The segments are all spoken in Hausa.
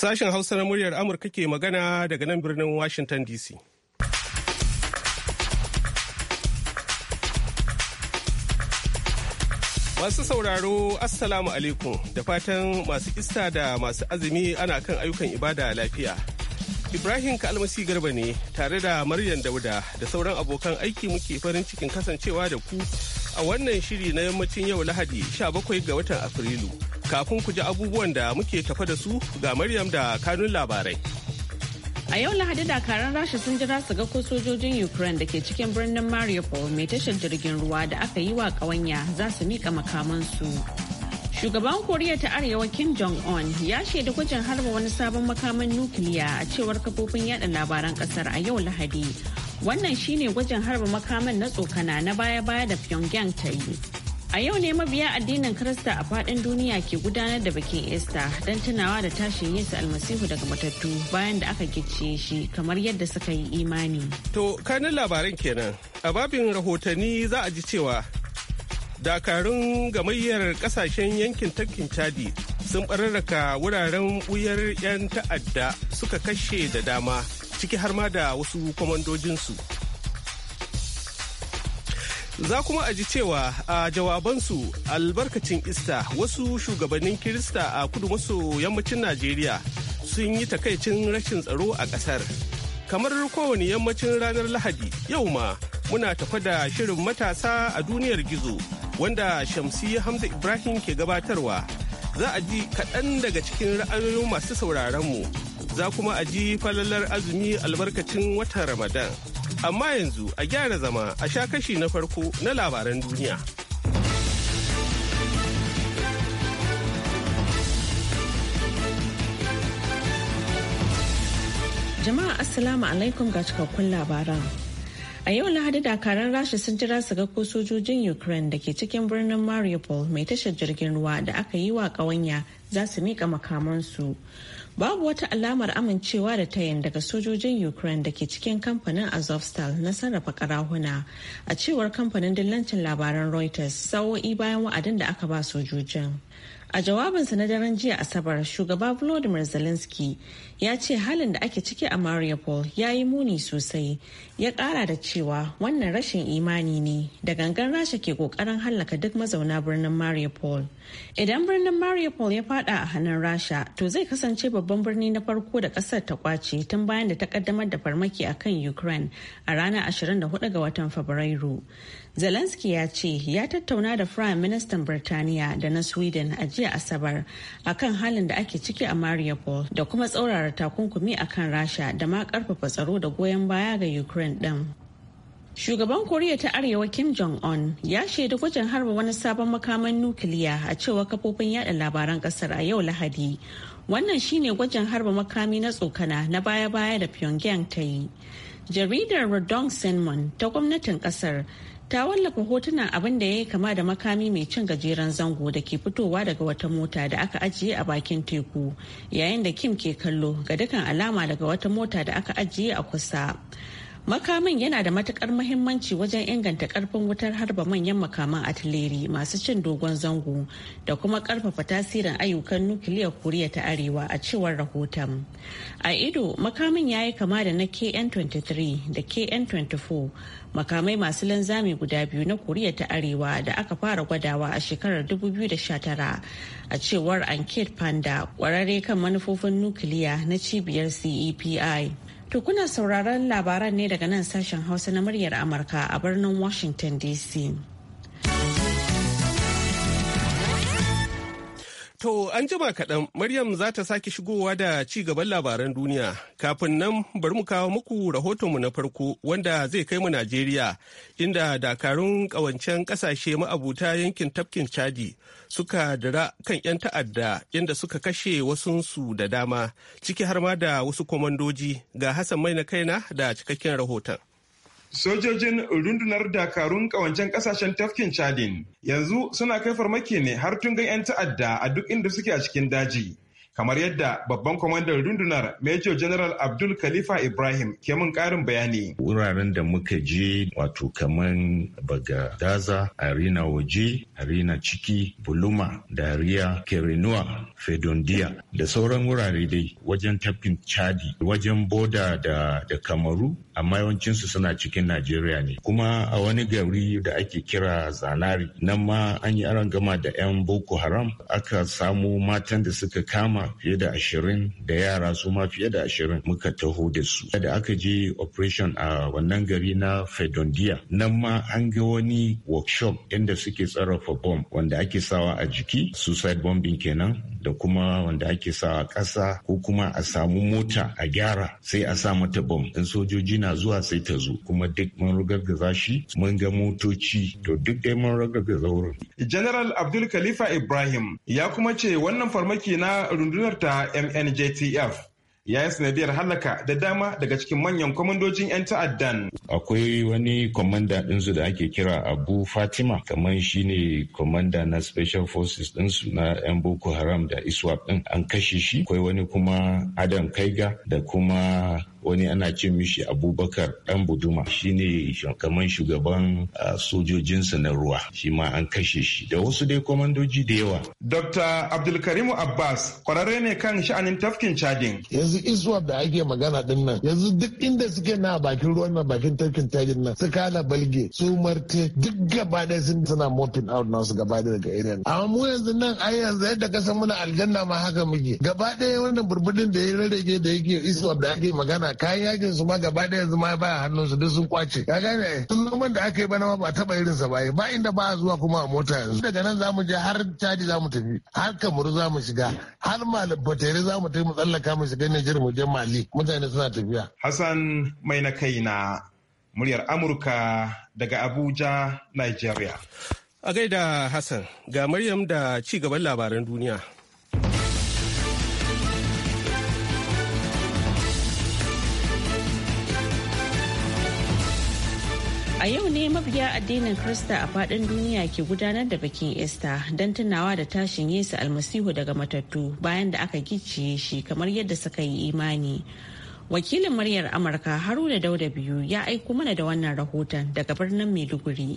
Sashen Hausa na muryar Amurka ke magana daga nan birnin Washington DC. Masu sauraro, Assalamu alaikum da fatan masu ista da masu azumi ana kan ayyukan ibada lafiya. Ibrahim Kalmasi Garba ne tare da Maryam Dauda da sauran abokan aiki muke farin cikin kasancewa da ku a wannan shiri na yammacin yau Lahadi 17 ga watan Afrilu. Kafin ku ji abubuwan da muke tafa da su ga Maryam da kanun labarai. A yau Lahadi dakaran Rasha sun jira su ga ko sojojin Ukraine da ke cikin birnin Mariupol mai tashar jirgin ruwa da aka yi wa ƙawanya za su miƙa makamansu. Shugaban Koriya ta Arewa Kim Jong-un ya shaida gwajin harba wani sabon makaman nukiliya a cewar kafofin yada labaran kasar a yau Lahadi. Wannan shine gwajin harba makaman na tsokana na baya-baya da Pyongyang ta yi. A yau ne mabiya addinin Kirista a faɗin duniya ke gudanar da bikin Easter don tunawa da tashin Yesu almasihu daga matattu bayan da aka gice shi kamar yadda suka yi imani. To, kanin labarin kenan. A babin rahotanni za a ji cewa dakarun gamayyar kasashen yankin tafkin Chadi sun ɓararraka wuraren wuyar 'yan ta'adda suka kashe da dama ciki har ma da wasu kwamandojinsu. Za kuma a ji cewa a jawabansu albarkacin Ista wasu shugabannin Kirista a kudu maso yammacin Najeriya sun yi takaicin rashin tsaro a ƙasar. Kamar kowane yammacin ranar Lahadi yau ma muna tafa da shirin matasa a duniyar gizo wanda Shamsi Hamza Ibrahim ke gabatarwa. Za a ji kaɗan daga cikin ra'ayoyin masu sauraronmu. Za kuma a ji falalar azumi albarkacin watan Ramadan. Amma yanzu a gyara zama a sha kashi na farko na labaran duniya. Jama'a Assalamu alaikum ga cikakkun labaran. A yau Lahadi dakaran Rasha sun jira su ga ko sojojin Ukraine da ke cikin birnin Mariupol mai tashar jirgin ruwa da aka yi wa ƙawanya za su miƙa makamansu. babu wata alamar amincewa da tayin daga sojojin ukraine da ke cikin kamfanin azovstal na sarrafa karahuna a cewar kamfanin dillancin labaran reuters sa'o'i bayan wa'adin da aka ba sojojin a jawabinsa na daren jiya asabar shugaba volodymyr zelensky ya ce halin da ake ciki a mariupol ya yi muni sosai ya kara da cewa wannan rashin imani ne da gangan rasha ke kokarin hallaka duk mazauna birnin mariupol idan birnin mariupol ya fada a hannun rasha to zai kasance babban birni na farko da kasar ta kwace tun bayan da ta kaddamar da farmaki a kan ukraine a ranar 24 ga watan fabrairu zelensky ya ce ya tattauna da prime minister birtaniya da na sweden a jiya asabar akan halin da ake ciki a mariupol da kuma tsaurara takunkumi akan rasha da ma karfafa tsaro da goyon baya ga ukraine pyongyang ɗin shugaban koriya ta arewa kim jong-un ya shaida gwajin harba wani sabon makaman nukiliya a cewa kafofin yada labaran kasar a yau lahadi wannan shine gwajin harba makami na tsokana na baya-baya da pyongyang ta yi jaridar rodong sinmon ta gwamnatin kasar ta wallafa hotunan abin da ya yi kama da makami mai cin gajeren zango da ke fitowa daga wata mota da aka ajiye a bakin teku yayin da kim ke kallo ga dukkan alama daga wata mota da aka ajiye a kusa Makamin yana da matukar mahimmanci wajen inganta karfin wutar harba manyan makaman atileri masu cin dogon zango da kuma karfafa tasirin ayyukan nukiliyar Koriya ta Arewa a cewar rahoton. A ido, makamin ya yi kama da na KN-23 da KN-24 makamai masu linzami guda biyu na Koriya ta Arewa da aka fara gwadawa a shekarar 2019 a cewar Anket Panda kwararre kan manufofin nukiliya na cibiyar CEPI. To kuna sauraron labaran ne daga nan sashen Hausa na muryar Amurka a birnin Washington DC. To an jima kaɗan Maryam za ta sake shigowa da ci gaban labaran duniya. Kafin nan bari mu kawo muku rahotonmu na farko wanda zai kai mu Najeriya inda dakarun ƙawancen ƙasashe ma'abuta yankin tafkin Chadi suka dara kan 'yan ta'adda inda suka kashe wasunsu da dama ciki har ma da wasu kwamandoji ga Hassan Mai na kaina da cikakken rahoton. Sojojin rundunar dakarun kawancen kasashen tafkin Chadin yanzu suna kai farmaki ne har tun ga 'yan ta'adda a duk inda suke a cikin daji. Kamar yadda babban kwamandan rundunar Major General Abdul Khalifa Ibrahim ke mun karin bayani. Wuraren da muka je wato kaman baga Gaza, Arena waje, Arena ciki, Buluma, Dariya, Kerenua, Fedondiya da sauran wurare dai wajen tafkin Chadi, wajen boda da Kamaru amma yawancinsu suna cikin najeriya ne kuma a wani gari da ake kira zanari nan ma an yi aron gama da 'yan boko haram aka samu matan da suka kama fiye da ashirin da yara su ma fiye da ashirin muka taho da su da aka je operation a wannan gari na fedondiya nan ma an ga wani workshop inda suke tsarafa bomb wanda ake sawa a jiki suicide bombing kenan da kuma wanda ake sawa ƙasa ko kuma a samu mota a gyara sai a sa mata bomb in sojoji na tana zuwa sai ta zo kuma duk mun ragargaza shi mun ga motoci to duk dai mun ragargaza wurin. General Abdul Khalifa Ibrahim ya kuma ce wannan farmaki na rundunar ta MNJTF ya yi sanadiyar halaka da dama daga cikin manyan kwamandojin 'yan ta'addan. Akwai wani kwamanda ɗinsu da ake kira Abu Fatima, kamar shi ne kwamanda na Special Forces ɗinsu na 'yan Boko Haram da ISWAP ɗin an kashe shi. Akwai wani kuma Adam Kaiga da kuma wani ana ce mishi abubakar dan buduma shine kamar shugaban sojojinsa na ruwa shi ma an kashe shi da wasu dai komandoji da yawa dr abdulkarimu abbas kwararre ne kan sha'anin tafkin chadin yanzu izuwa da ake magana din nan yanzu duk inda suke na bakin ruwan na bakin tafkin chadin nan su kala balge su marte duk gaba ɗaya sun suna mopping out nasu gaba ɗaya daga irin amma mu yanzu nan ai yanzu yadda ka san muna aljanna ma haka muke gaba ɗaya wannan burbudin da ya rarrage da yake izuwa da ake magana kayan yakin su ma gaba ɗaya yanzu ma a hannun su duk sun kwace ka gane tun noman da aka yi bana ma ba taɓa irin sa ba ba inda ba zuwa kuma a mota yanzu daga nan zamu je har caji zamu tafi har kamaru zamu shiga har za zamu tafi mu tsallaka mu shiga Nijar mu je Mali mutane suna tafiya Hassan mai na kai na muryar Amurka daga Abuja Nigeria A gaida Hassan ga Maryam da ci gaban labaran duniya. A yau ne mabiya addinin Krista a faɗin duniya ke gudanar da bikin Easter don tunawa da tashin Yesu almasihu daga matattu bayan da aka gicciye shi kamar yadda suka yi imani. Wakilin muryar Amurka Haruna Dauda biyu ya aiko mana da wannan rahoton daga birnin Maiduguri.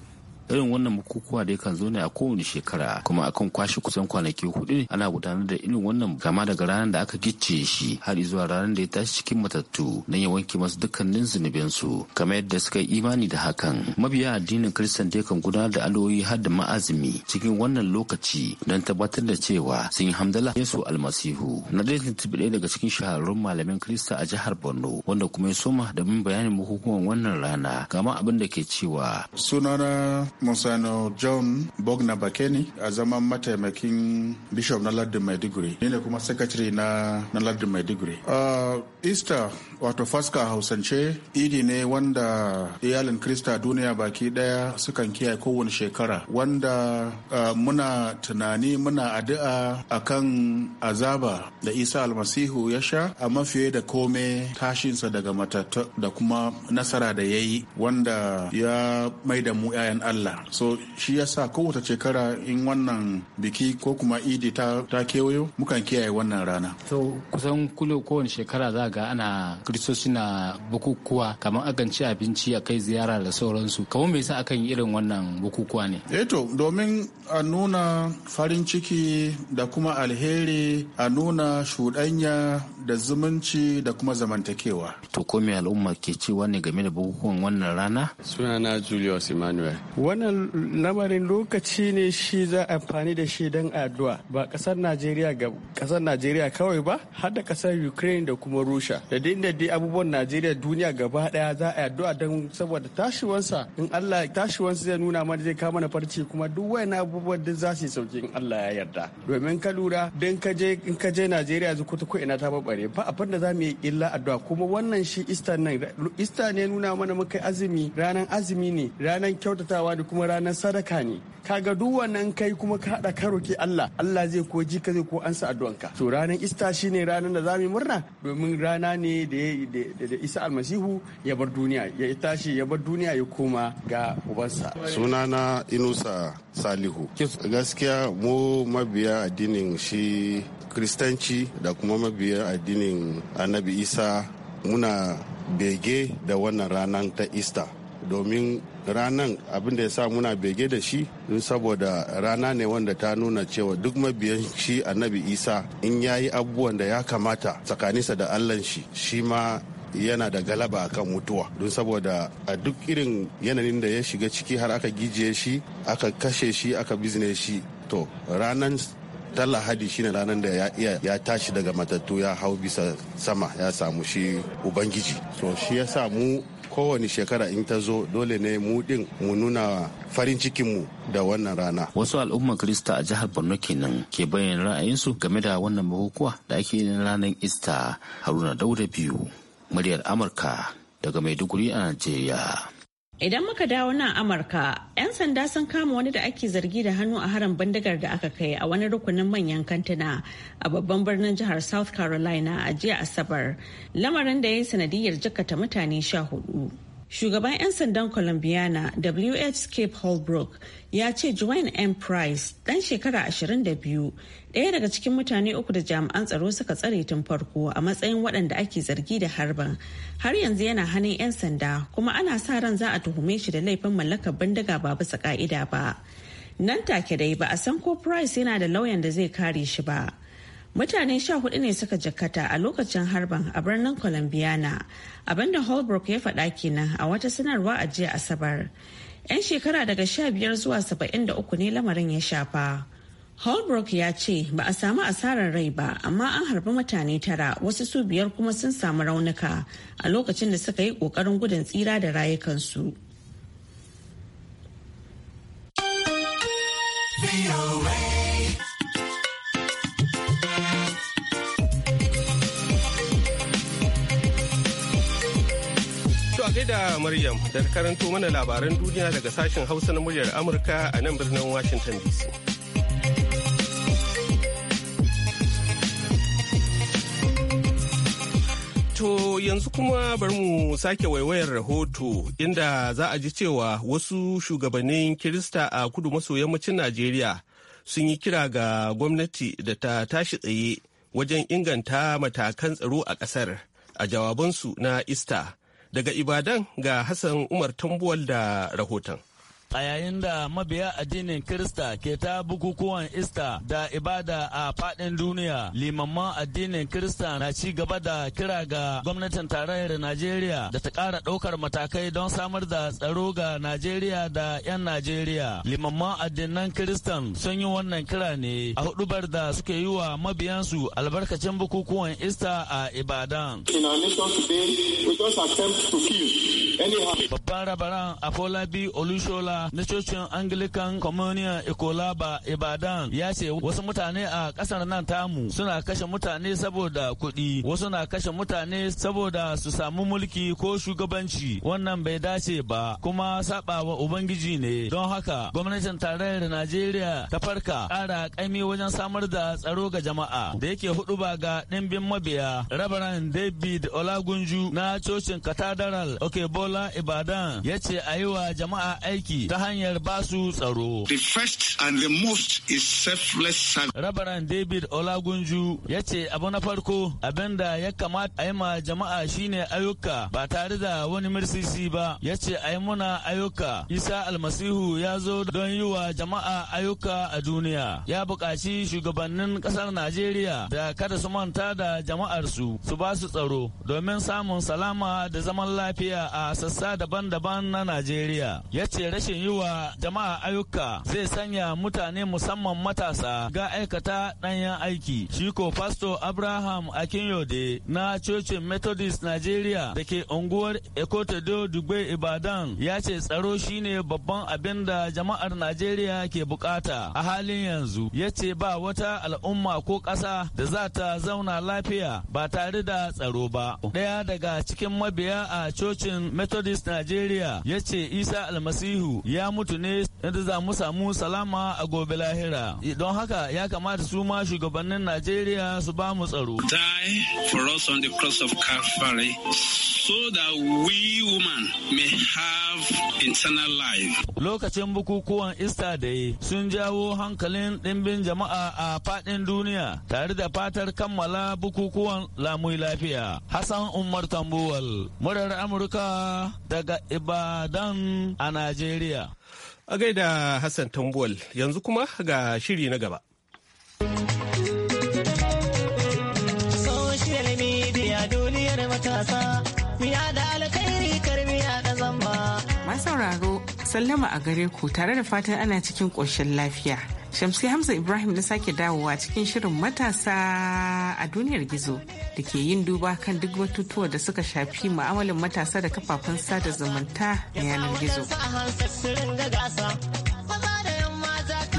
irin wannan bukukuwa da yakan zo ne a kowane shekara kuma akan kwashe kusan kwanaki hudu ana gudanar da irin wannan kama daga ranar da aka gicce shi har zuwa ranar da ya tashi cikin matattu don ya wanke masu dukkanin zunubin su kamar yadda suka yi imani da hakan mabiya addinin kristan da yakan gudanar da aloyi har da ma'azumi cikin wannan lokaci don tabbatar da cewa sun yi hamdala yesu almasihu na dai tuntuɓi ɗaya daga cikin shahararrun malamin kirista a jihar borno wanda kuma ya soma da min bayanin bukukuwan wannan rana kama abin da ke cewa sunana Musano John Bogna Bakeni a zaman mataimakin Bishop na Lardin Maiduguri. Ni ne kuma sakatare na, na Lardin Maiduguri. Uh, Easter wato Faska Hausance idi ne wanda iyalin Krista duniya baki daya sukan kiyaye kowane shekara wanda uh, muna tunani muna addu'a akan azaba da Isa almasihu ya sha a mafiye da kome tashinsa daga matata da kuma nasara da ya yi wanda ya maida mu 'ya'yan Allah. Allah so shi yasa kowace shekara in wannan biki ko kuma idi ta ta kewayo mukan kiyaye wannan rana so kusan kulo kowane shekara za ga ana kristoci na bukukuwa kamar akan ci abinci a kai ziyara da sauransu kamar me yasa akan yi irin wannan bukukuwa ne eh to domin a nuna farin ciki da kuma alheri a nuna shuɗanya da zumunci da kuma zamantakewa to ko me al'umma ke cewa ne game da bukukuwan wannan rana suna sunana Julius Emmanuel wannan lamarin lokaci ne shi za a amfani da shi don addu'a ba kasar najeriya ga kasar najeriya kawai ba har da kasar ukraine da kuma rusha da da dai abubuwan najeriya duniya gaba daya za a addu'a don saboda tashiwansa in allah tashiwansa zai nuna mana zai kama na farci kuma duk wayan abubuwan duk za su sauki in allah ya yarda domin ka lura don ka je in ka je najeriya ko ko ina ta babare ba abin da za mu yi illa addu'a kuma wannan shi easter nan easter ne nuna mana muka azumi ranan azumi ne ranan kyautatawa da lahadi kuma ranar sadaka ne kaga duk wannan kai kuma ka haɗa ka roki Allah Allah zai ko ji ka zai ko ansa addu'anka to ranar ista shine ranar da zamu murna domin rana ne da da Isa almasihu ya bar duniya ya tashi ya bar duniya ya koma ga ubansa sunana Inusa Salihu gaskiya mu mabiya addinin shi kristanci da kuma mabiya addinin annabi Isa muna bege da wannan ranar ta ista. domin ranan abin da ya sa muna bege da shi don saboda rana ne wanda ta nuna cewa duk mabiyan shi annabi isa in ya yi abubuwan da ya kamata tsakaninsa da allan shi shi ma yana da galaba akan mutuwa don saboda a duk irin yanayin da ya shiga ciki har aka gijiye shi aka kashe shi aka bizne shi to ranan ta lahadi shine ranar da ya iya ya tashi daga matattu ya hau bisa sama ya samu shi ubangiji so shi ya samu kowane shekara in ta zo dole ne mu din mu nuna farin cikinmu da wannan rana. Wasu al'umman Krista a jihar Borno kenan ke bayyana ra'ayinsu game da wannan bukukuwa da ake yi ranar Ista Haruna Dauda biyu, muryar Amurka daga Maiduguri a Najeriya. Idan muka dawo nan Amurka, 'yan sanda sun kama wani da ake zargi da hannu a harin bindigar da aka kai a wani rukunin manyan kantuna a babban birnin jihar South Carolina a jiya Asabar, lamarin da ya yi sanadiyar jikata mutane sha hudu. shugaban 'yan sandan colombiana wh cape holbrook ya ce joanne m price dan shekara 22 ɗaya daga cikin mutane uku da jami'an tsaro suka tsare tun farko a matsayin waɗanda ake zargi da harban har yanzu yana hannun 'yan sanda kuma ana sa ran za a tuhume shi da laifin mallakar bindiga ba bisa ka'ida ba nan take dai ba a san ko price yana da lauyan da zai kare shi ba mutane sha hudu ne suka jakkata a lokacin harban a birnin columbiana abinda holbrook ya faɗa kenan a wata sanarwa a jiya asabar 'yan shekara daga sha biyar zuwa saba'in da uku ne lamarin ya shafa holbrook ya ce ba a samu asarar rai ba amma an harbi mutane tara wasu su biyar kuma sun samu raunuka a lokacin da suka yi ƙoƙarin gudun tsira da rayukansu. da Maryam da karanto mana labaran duniya daga sashen Hausa na muryar Amurka a nan birnin Washington DC. To yanzu kuma bari mu sake waiwayar rahoto inda za a ji cewa wasu shugabannin Kirista a kudu maso yammacin Najeriya sun yi kira ga gwamnati da ta tashi tsaye wajen inganta matakan tsaro a ƙasar a jawabansu na Ista Daga Ibadan ga Hassan Umar Tambuwal da rahoton. a yayin da mabiya addinin Kirista ke ta bukukuwan Ista da ibada a faɗin duniya. Limamman addinin Kirista na ci gaba da kira ga gwamnatin tarayyar Najeriya da ta ƙara ɗaukar matakai don samar da tsaro ga Najeriya da 'yan Najeriya. Limamman addinan Kiristan sun yi wannan kira ne a hudubar da suke yi wa mabiyansu albarkacin bukukuwan Ista a Ibadan. In our nation today, we Babban rabaran Afolabi Olushola na cocin Anglican Communion Ecolaba Ibadan ya ce wasu mutane a ƙasar nan tamu suna kashe mutane saboda kuɗi, wasu na kashe mutane saboda su samu mulki ko shugabanci wannan bai dace ba kuma saba wa Ubangiji ne. Don haka gwamnatin tarayyar Najeriya ta farka ƙara ƙaimi wajen samar da tsaro ga jama'a da yake hudu ba ga ɗimbin mabiya. Rabaran David Olagunju na cocin Katadaral Okebo Bola Ibadan ya ce a yi wa jama'a aiki ta hanyar basu tsaro. The first and the most is selfless service. Rabaran David Olagunju ya ce abu na farko da ya kamata a yi ma jama'a shine ayyuka ba tare da wani mirsisi ba ya ce a yi muna ayyuka. Isa Almasihu ya zo don yi wa jama'a ayyuka a duniya. Ya buƙaci shugabannin ƙasar Najeriya da kada su manta da jama'arsu su ba su tsaro domin samun salama da zaman lafiya a sassa daban-daban na Najeriya. Ya ce rashin yi wa jama'a ayyuka zai sanya mutane musamman matasa ga aikata ɗanyen aiki. Shi ko Pasto Abraham Akinyode na Cocin Methodist Najeriya da ke unguwar Ekotedo Dugbe Ibadan ya ce tsaro shine babban abin da jama'ar Najeriya ke bukata a halin yanzu. Ya ce ba wata al'umma ko ƙasa da za ta zauna lafiya ba tare da tsaro ba. Ɗaya daga cikin mabiya a cocin Methodist Nigeria ya ce Isa Almasihu ya mutu ne yadda za mu samu salama a gobe lahira. Don haka ya kamata su ma shugabannin Najeriya su ba mu tsaro. Die for us on the cross of Calvary so that we women may have internal life. Lokacin bukukuwan Ista Day sun jawo hankalin ɗimbin jama'a a faɗin duniya tare da fatar kammala bukukuwan lamu lafiya. Hassan Umar Tambuwal, murar Amurka daga Ibadan a Najeriya. A gaida Hassan Tambuwal yanzu kuma ga shiri na gaba. Social media duniyar matasa, miya da alkhairi karmiya da zamba. Masauraro sallama a gare ku tare da fatan ana cikin ƙoshin lafiya. Shamsi Hamza Ibrahim na sake dawowa cikin shirin matasa a duniyar gizo da ke yin duba kan duk batutuwa da suka shafi mu'amalin matasa da kafafen sada zumunta na yanar gizo.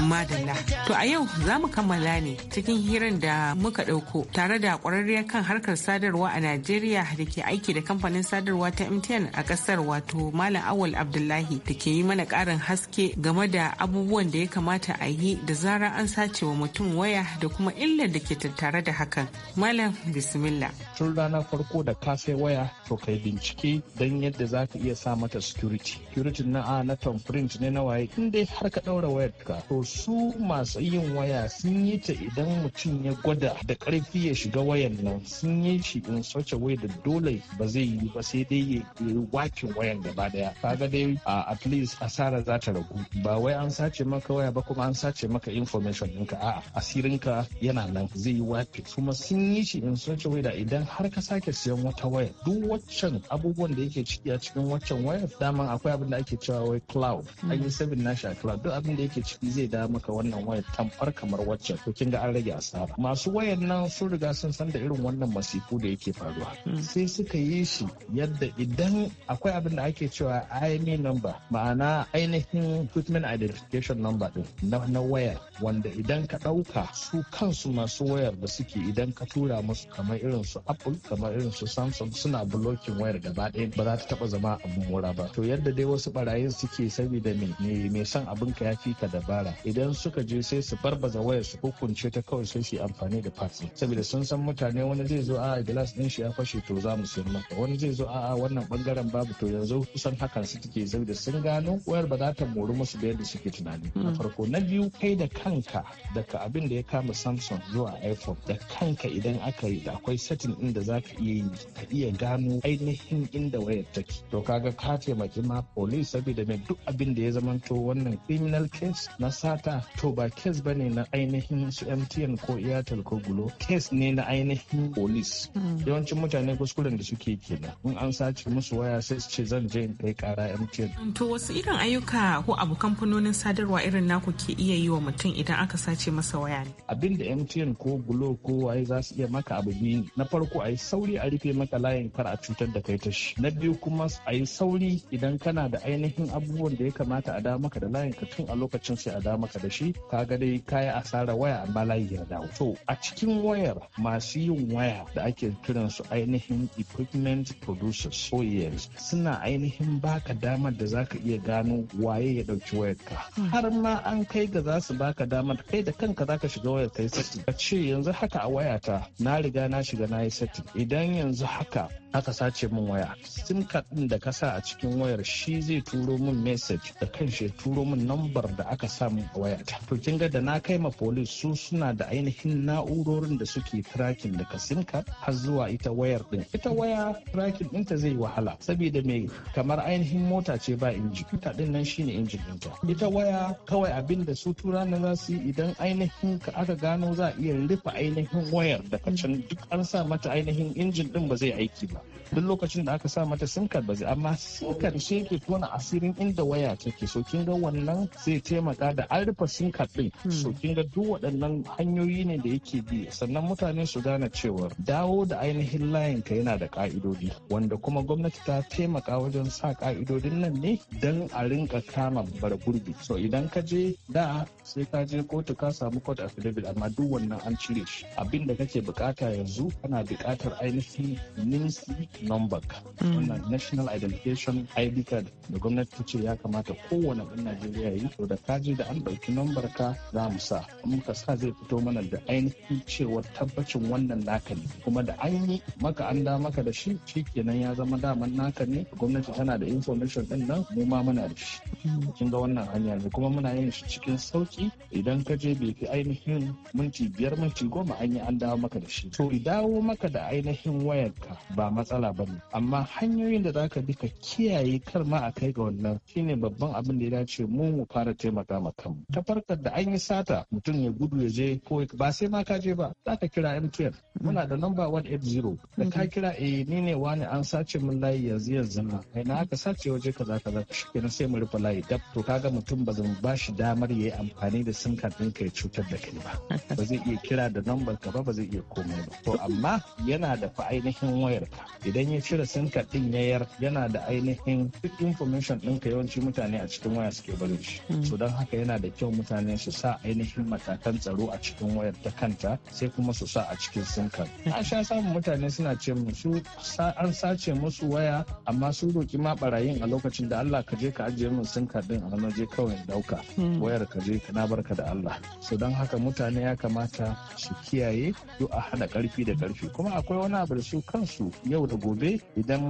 madalla to a yau za mu kammala ne cikin hirar da muka ɗauko tare da ƙwararriyar kan harkar sadarwa a najeriya da ke aiki da kamfanin sadarwa ta mtn a ƙasar wato malam awal abdullahi da ke yi mana ƙarin haske game da abubuwan da ya kamata a yi da zara an sace wa mutum waya da kuma illar da ke tattare da hakan malam bismillah tun rana farko da ka sai waya to kai bincike don yadda za ka iya sa mata security security na a na print ne na waye in dai har ka ɗaura wayar ka su masu yin waya sun yi ta idan mutum ya gwada da karfi ya shiga wayan nan sun yi shi in such a da dole ba zai yi ba sai dai ya yi wakin wayan gaba daya kaga dai at least asara za ta ragu ba wai an sace maka waya ba kuma an sace maka information ɗinka a'a asirinka yana nan zai yi wafi kuma sun yi shi in such a da idan har ka sake siyan wata waya duk waccan abubuwan da yake ciki a cikin waccan waya daman akwai abin da ake cewa wai cloud an yi sabin nashi a cloud duk abin da yake ciki zai da maka wannan wayar tamfar kamar wacce to kin ga an rage asara masu wayan nan sun riga sun san da irin wannan masifu da yake faruwa hmm. sai suka yi shi yadda idan akwai abin da ake cewa IME number ma'ana ainihin equipment identification number din na waya wanda idan ka ɗauka su kansu masu wayar da suke idan ka tura musu kamar irin su Apple kamar irin su Samsung suna blocking wayar gaba ɗaya ba za ta taba zama abin mura ba to yadda dai wasu barayin suke saboda me me son abin ka ya fi ka dabara idan suka je sai su farbaza waya su hukunce ta kawai sai su amfani da fax saboda sun san mutane wani zai zo a glass din shi ya fashe to za mu sayar maka wani zai zo a wannan bangaren babu to yanzu kusan hakan su take saboda sun gano wayar ba za ta mori musu da yadda suke tunani na hmm. farko na biyu kai da kanka daga abin da ya kama samsung zuwa iphone da kanka idan aka yi akwai satin inda zaka za ka iya yi ka iya gano ainihin inda wayar take to kaga ka taimaki ma police saboda mai duk abin da ya zamanto wannan criminal case na sata ta to ba kes ba ne na ainihin su mtn ko airtel ko gulo kes ne na ainihin police hmm. yawancin mutane kuskuren da suke kenan in an sace musu waya sai su ce zan je in kai kara mtn hmm, to wasu irin ayyuka ko abu kamfanonin sadarwa irin naku ke iya yi wa mutum idan aka sace masa waya ne abin da mtn ko gulo ko waye za su iya maka abu biyu na farko a yi sauri a rufe maka layin kar a cutar da kai tashi. na biyu kuma a yi sauri idan kana da ainihin abubuwan da ya kamata a da maka da layin ka tun a lokacin sai a da maka ka da shi ka ga dai kayi asara waya amma layi ya dawo to a cikin wayar masu yin waya da ake kiran su ainihin equipment producers OEMs suna ainihin baka damar da zaka iya gano waye ya dauki wayar ka har ma an kai ga za su baka damar kai da kanka zaka shiga wayar kai setting ka ce yanzu haka a wayata na riga na shiga na yi setting idan yanzu haka aka sace min waya sim card din da ka sa a cikin wayar shi zai turo min message da kanshi turo min number da aka sa min a ta to kin ga da na kai ma police su suna da ainihin na'urorin da suke tracking daga sim card har zuwa ita wayar din ita waya tracking ɗinta zai wahala saboda mai kamar ainihin mota ce ba inji ta din nan shine injin ta. ita waya kawai abin da su tura na za su yi idan ainihin ka aka gano za a iya rufe ainihin wayar daga can duk an sa mata ainihin injin din ba zai aiki ba duk lokacin da aka sa mata sim card ba zai amma sim card shi yake tona asirin inda waya take so kin ga wannan zai taimaka da an rufe sim card din so hmm. kin duk waɗannan hanyoyi ne da yake bi sannan mutane su gane cewa dawo da ainihin layin ka yana da ka'idodi wanda kuma gwamnati ta taimaka wajen sa ka'idodin nan ne dan a rinka kama bar gurbi so idan ka je da sai ka je kotu ka samu court affidavit amma duk wannan an cire shi abin da kake bukata yanzu kana bukatar ainihin nins number mm. wannan national identification id card da gwamnati ta ce ya kamata kowane ɗan najeriya yi to da kaji da an ɗauki number ka za mu sa muka sa zai fito mana da ainihin cewar tabbacin wannan naka ne kuma da an yi maka an da maka da shi kenan ya zama daman naka ne gwamnati tana da information ɗin nan mu ma muna da shi mm. kin ga wannan hanya ne kuma muna yin shi cikin sauki idan ka je bai fi ainihin minti biyar minti goma an yi an dawo maka da shi to dawo maka da ainihin wayarka ba matsala ba ne amma hanyoyin da zaka bi ka kiyaye kar ma a kai ga wannan shine babban abin da ya dace mu mu fara taimaka ma kanmu ta farkar da an yi sata mutum ya gudu ya je ko ba sai ma ka je ba zaka kira MTN muna da number 180 da ka mm-hmm. kira eh ni ne wani an sace min layi yanzu yanzu na kai na aka sace waje kaza kaza kenan sai mu rufe layi dab to kaga mutum ba zan ba shi damar yayi amfani da sim card ɗinka ya cutar da kai ba ba zai iya kira da number ka ba ba zai iya komai ba to amma yana da fa ainihin wayar ka idan ya cire sim card din yayar yana da ainihin duk information ka yawanci mutane a cikin waya suke barin shi hmm. so don haka yana da kyau mutane su sa ainihin matakan tsaro a cikin wayar ta kanta sai kuma su sa a cikin sim card hmm. a sha samun mutane suna ce musu an sace musu waya amma su roki ma barayin a lokacin da Allah ka je ka ajiye min sim card din a je kawai dauka hmm. wayar ka je na barka da Allah so don haka mutane ya kamata su kiyaye duk a hada karfi da karfi kuma akwai wani abu da su kansu yau da gobe idan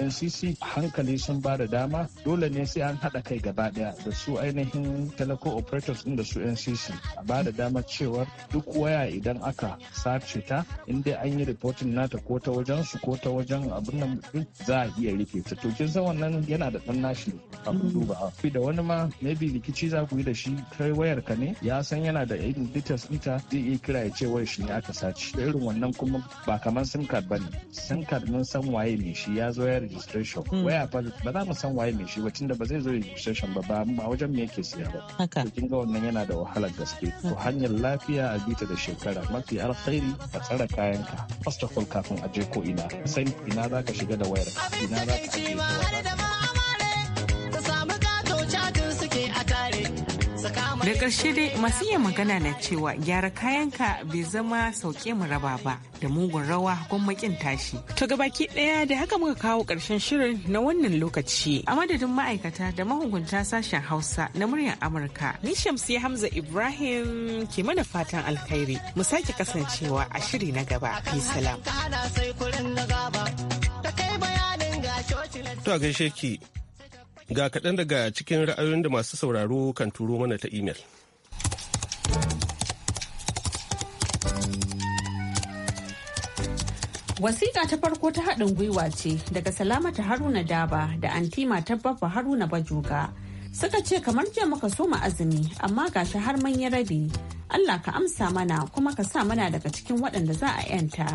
ncc hankali sun ba da dama dole ne sai an haɗa kai gaba ɗaya da su ainihin telco operators in da su ncc a ba da dama cewar duk waya idan aka sace ta in an yi reporting nata ko ta wajen su ko ta wajen abin nan za a iya rike ta to kin san wannan yana da ɗan nashi a duba mm. fi da wani ma maybe rikici za ku yi da shi kai wayar ka ne ya san yana da irin details ɗinta zai iya kira ya ce wayar shi ne aka sace irin wannan kuma ba kamar sim card bane. sim card mun san waye mai shi ya zo ya registration hmm. waya ba ba za mu san waye mai shi ba da ba zai zo registration ba ba wajen me yake siya ba haka kin ga wannan yana da wahalar gaske to hanyar lafiya a bita da shekara mafi alkhairi ka tsara ka first of all kafin a je ko ina san ina za ka shiga da wayar ina za ka ajiye ta da ƙarshe dai masu iya magana na cewa gyara kayanka bai zama sauke mu raba ba da mugun rawa gwammakin tashi to baki ɗaya da haka muka kawo ƙarshen shirin na wannan lokaci a madadin ma'aikata da mahukunta sashen hausa na muryar amurka ni shamsi hamza ibrahim ke mana fatan alkhairi mu sake kasancewa a shiri na gaba fi salam to a gaishe Ga kaɗan daga cikin ra'ayoyin da masu sauraro kan turo mana ta imel. Wasiƙa ta farko ta haɗin gwiwa ce daga Salamata Haruna Daba da Anti Antima babba Haruna bajuga Suka ce kamar jiya muka so mu azumi amma ga shi har man ya rabe. Allah ka amsa mana kuma ka sa mana daga cikin waɗanda za a 'yanta.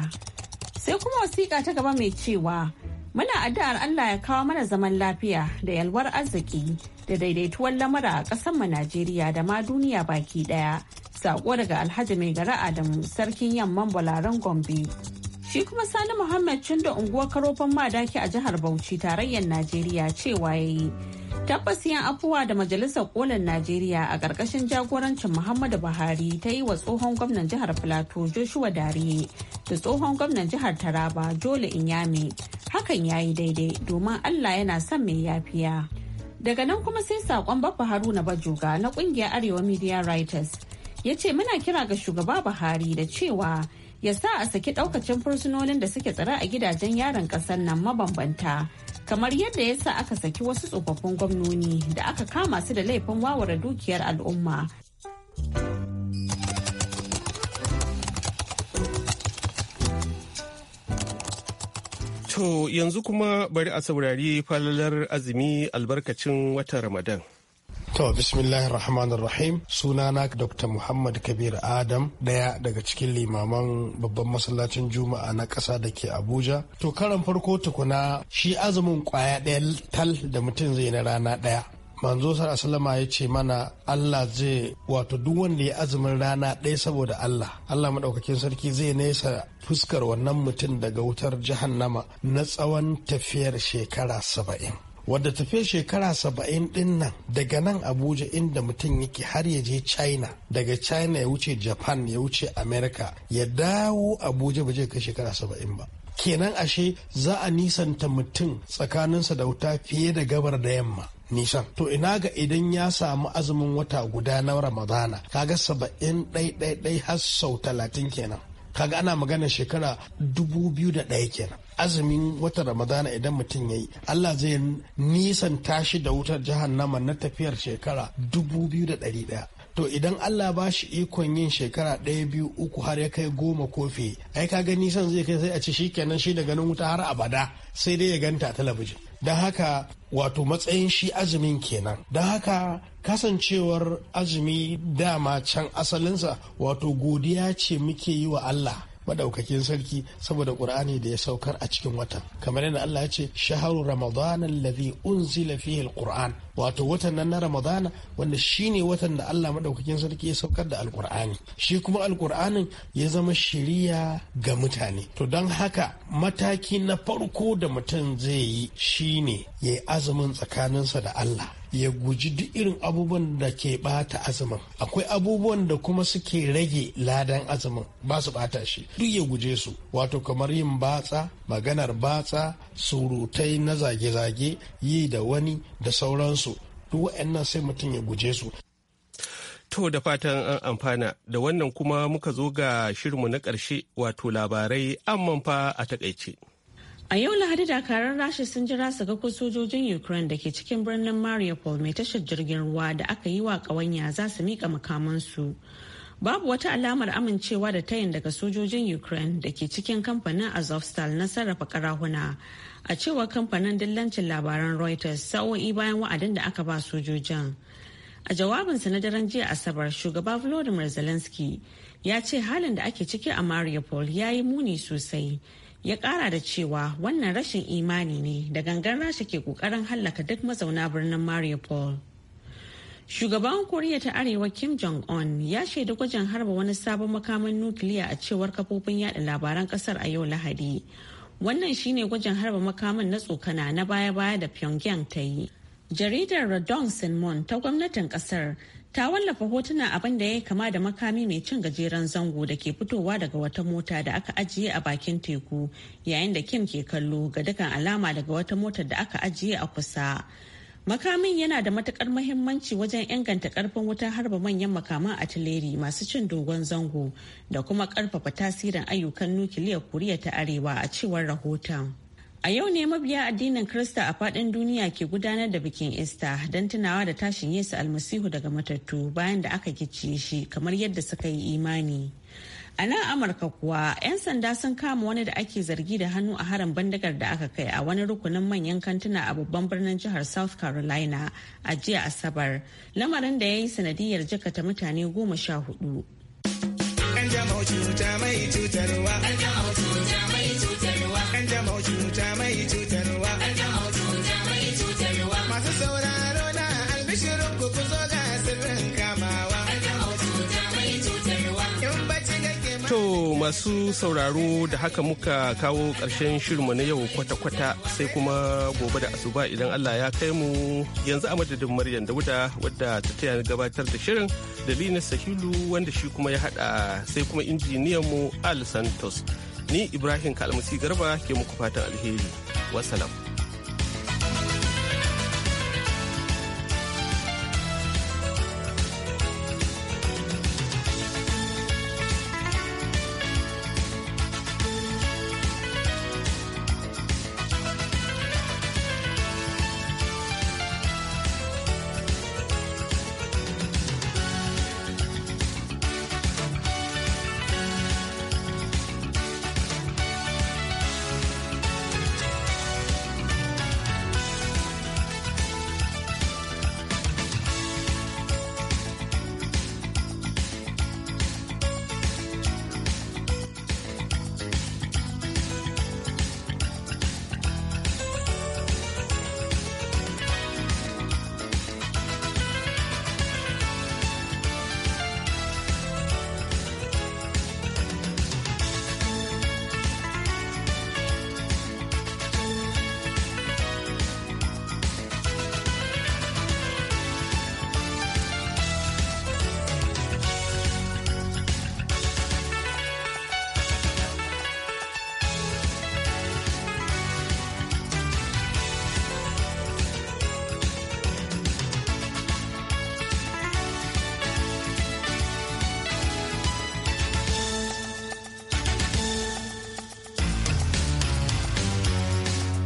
Sai kuma wasiƙa ta gaba mai cewa Muna addu'ar Allah ya kawo mana zaman lafiya da yalwar arziki da daidaituwar lamura a mu Najeriya da ma duniya baki ɗaya. saƙo daga Alhaji Mai gara adamu Sarkin Yamman Bolaren Gombe. Shi kuma Sani Muhammad Cindo unguwar karofan madaki a jihar Bauchi tarayyar Najeriya cewa ya yi. Tabbas yan afuwa da Majalisar Kolin Najeriya a ƙarƙashin jagorancin Muhammadu Buhari ta yi wa tsohon gwamnan jihar Filato Joshua Dariye da tsohon gwamnan jihar Taraba Jole Inyame hakan ya yi daidai domin allah yana son mai yafiya daga nan kuma sai saƙon bafa haruna bajoga na ƙungiyar arewa media writers ya ce muna kira ga shugaba buhari da cewa ya sa a saki ɗaukacin fursunonin da suke tsare a gidajen yaron ƙasar nan mabambanta kamar yadda ya sa aka saki wasu tsofaffin gwamnoni da aka kama su da laifin wawara dukiyar al'umma To yanzu kuma bari a saurari falalar azumi albarkacin watan Ramadan. To bismillahir rahmanir rahim sunana Dr. Muhammad Kabir Adam ɗaya daga cikin limaman babban masallacin Juma'a na ƙasa da ke Abuja. To karan farko tukuna shi azumin kwaya ɗaya tal da mutum zai na rana ɗaya. manzo sallama ya ce mana Allah zai wato duk wanda ya azumin rana ɗaya saboda Allah Allah madaukakin sarki zai nesa fuskar wannan mutum daga wutar jahannama na tsawon tafiyar shekara saba'in wadda tafiyar shekara saba'in din nan daga nan abuja inda mutum yake har ya je china daga china ya wuce japan ya wuce america ya dawo abuja ba zai kai shekara saba'in ba kenan ashe za a nisanta mutum tsakaninsa da wuta fiye da gabar da yamma nisan to ina ga idan ya samu azumin wata guda na ramadana kaga saba'in ɗaiɗaiɗai har sau talatin kenan kaga ana magana shekara dubu biyu da ɗaya kenan azumin wata ramadana idan mutum ya yi allah zai nisan tashi da wutar jahannama na tafiyar shekara dubu biyu da ɗari ɗaya to idan allah ba shi ikon yin shekara ɗaya biyu uku har ya kai goma kofi ai kaga nisan zai kai sai a ci kenan shi da ganin wuta har abada sai dai ya ganta a talabijin Da haka wato matsayin shi azumin kenan da haka kasancewar azumi dama can asalinsa wato godiya ce muke yi wa Allah madaukakin sarki saboda qur'ani da ya saukar a cikin watan kamar yadda Allah ya ce shaharu ramadan alladhi unzila fihi alquran wato watan nan na ramadana wanda shine watan da Allah madaukakin sarki ya saukar da alqur'ani shi kuma alqur'anin ya zama shiriya ga mutane to don haka mataki na farko da mutum zai yi shine yayi azumin tsakaninsa da Allah ya guji duk irin abubuwan da ke bata azumin akwai abubuwan da kuma suke rage ladan azumin ba su bata shi duk ya guje su wato kamar yin batsa maganar batsa surutai na zage-zage yi da wani da sauransu duk wa'annan sai mutum ya guje su To da fatan an amfana da wannan kuma muka zo ga shirinmu na ƙarshe wato labarai amman fa a takaice. A yau Lahadi dakarun Rasha sun jira su ga sojojin Ukraine da ke cikin birnin Mariupol mai tashar jirgin ruwa da aka yi wa ƙawanya za su miƙa makamansu. Babu wata alamar amincewa da tayin daga sojojin Ukraine da ke cikin kamfanin Azovstal na sarrafa karahuna. A cewar kamfanin dillancin labaran Reuters sa'o'i bayan wa'adin da aka ba sojojin. A jawabinsa na daren jiya Asabar, shugaba Volodymyr Zelensky ya ce halin da ake ciki a Mariupol ya yi muni sosai. ya kara da cewa wannan rashin imani ne da gangan rasha ke kokarin hallaka duk mazauna birnin mariupol shugaban koriya ta arewa kim jong-un ya shaida gwajin harba wani sabon makamin nukiliya a cewar kafofin yada labaran kasar a yau lahadi wannan shine gwajin harba makamin na tsokana na baya-baya da pyongyang ta yi jaridar radon sinmon ta gwamnatin kasar ta wallafa hotuna abin da ya kama da makami mai cin gajeren zango da ke fitowa daga wata mota da aka ajiye a bakin teku yayin da kim ke kallo ga dukkan alama daga wata motar da aka ajiye a kusa makamin yana da matukar mahimmanci wajen inganta karfin wutar harba manyan makaman atileri masu cin dogon zango da kuma karfafa tasirin ayyukan nukiliyar koriya ta arewa a cewar rahoton A yau ne mabiya addinin Krista a faɗin duniya ke gudanar da bikin Ista don tunawa da tashin Yesu almasihu daga matattu bayan da aka gicciye shi kamar yadda suka yi imani. A nan Amurka kuwa 'yan sanda sun kama wani da ake zargi da hannu a harin bandagar da aka kai a wani rukunin manyan kantuna a babban birnin jihar South Carolina a jiya Asabar, lamarin da ya yi sanadiyar jakata mutane goma sha hudu. mai cutarwa. kanjamau cuta mai cutarwa masu sauraro na albishirin ku ku zo ga sirrin kamawa To masu sauraro da haka muka kawo ƙarshen shirinmu na yau kwata-kwata sai kuma gobe da asuba idan Allah ya kai mu yanzu a madadin Maryam Dauda wadda ta taya gabatar da shirin da Linus Sahilu wanda shi kuma ya hada sai kuma injiniyanmu Al Santos. ni ibrahim kalmasi garba ke muku fatan alheri wasalam